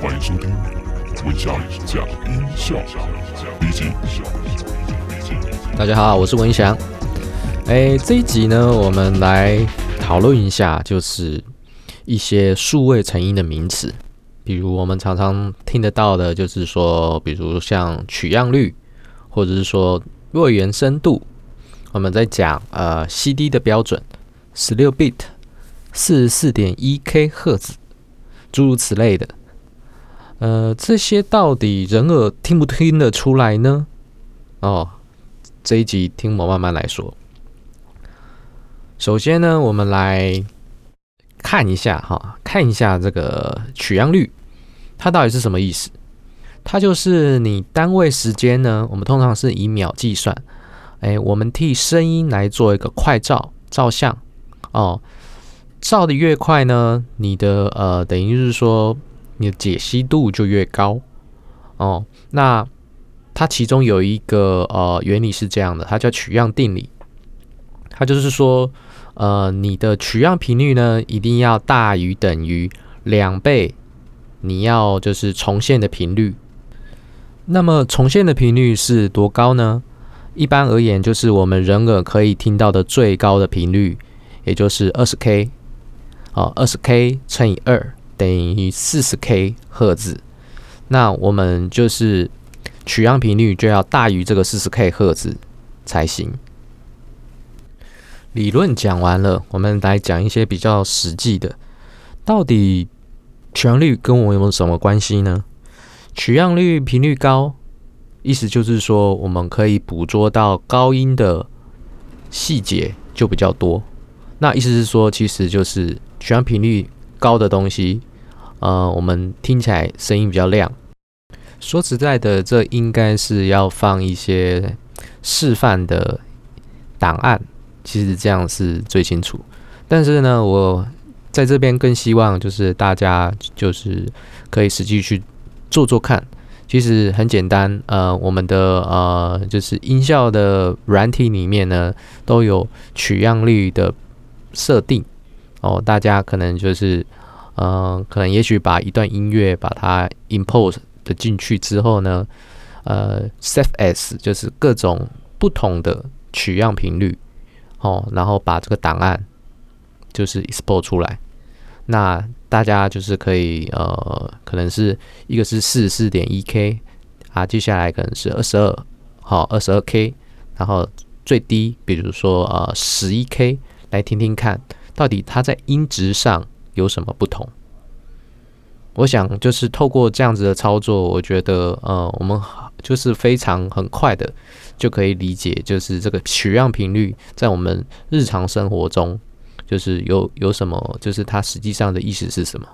歡迎收聽文祥講音效。大家好，我是文祥。哎、欸，這一集呢，我們來討論一下，就是一些數位成音的名詞，比如我們常常聽得到的，就是說，比如像取樣率，或者是說位元深度。我們在講呃 CD 的標準，十六 bit，四十四點一 K 赫茲，諸如此類的。呃，這些到底人耳聽不聽得出來呢？哦，這一集聽我慢慢來說。首先呢，我們來看一下哈、哦，看一下這個取樣率，它到底是什麼意思？它就是你單位時間呢，我們通常是以秒計算。哎、欸，我們替聲音來做一個快照照相哦，照得越快呢，你的呃，等於就是說。你的解析度就越高哦。那它其中有一個呃原理是這樣的，它叫取樣定理。它就是說，呃，你的取樣頻率呢一定要大於等於兩倍你要就是重現的頻率。那麼重現的頻率是多高呢？一般而言，就是我們人耳可以聽到的最高的頻率，也就是二十 K 啊，二十 K 乘以二。等於四十 K 赫茲，那我們就是取樣頻率就要大於這個四十 K 赫茲才行。理論講完了，我們來講一些比較實際的。到底取樣率跟我們有什麼關係呢？取樣率頻率高，意思就是說我們可以捕捉到高音的細節就比較多。那意思是說，其實就是取樣頻率高的東西。呃，我們聽起來聲音比較亮。說實在的，這應該是要放一些示範的檔案，其實這樣是最清楚。但是呢，我在這邊更希望就是大家就是可以實際去做做看。其實很簡單，呃，我們的呃就是音效的軟體裡面呢都有取樣率的設定。哦、呃，大家可能就是。嗯、呃，可能也許把一段音樂把它 import 的進去之後呢，呃 save as 就是各種不同的取樣頻率，哦，然後把這個檔案就是 export 出來，那大家就是可以呃，可能是一個是四十四點一 K 啊，接下來可能是二十二好二十二 K，然後最低比如說呃十一 K，來聽聽看，到底它在音質上。有什麼不同？我想就是透過這樣子的操作，我覺得呃，我們就是非常很快的就可以理解，就是這個取樣頻率在我們日常生活中就是有有什麼，就是它實際上的意思是什麼。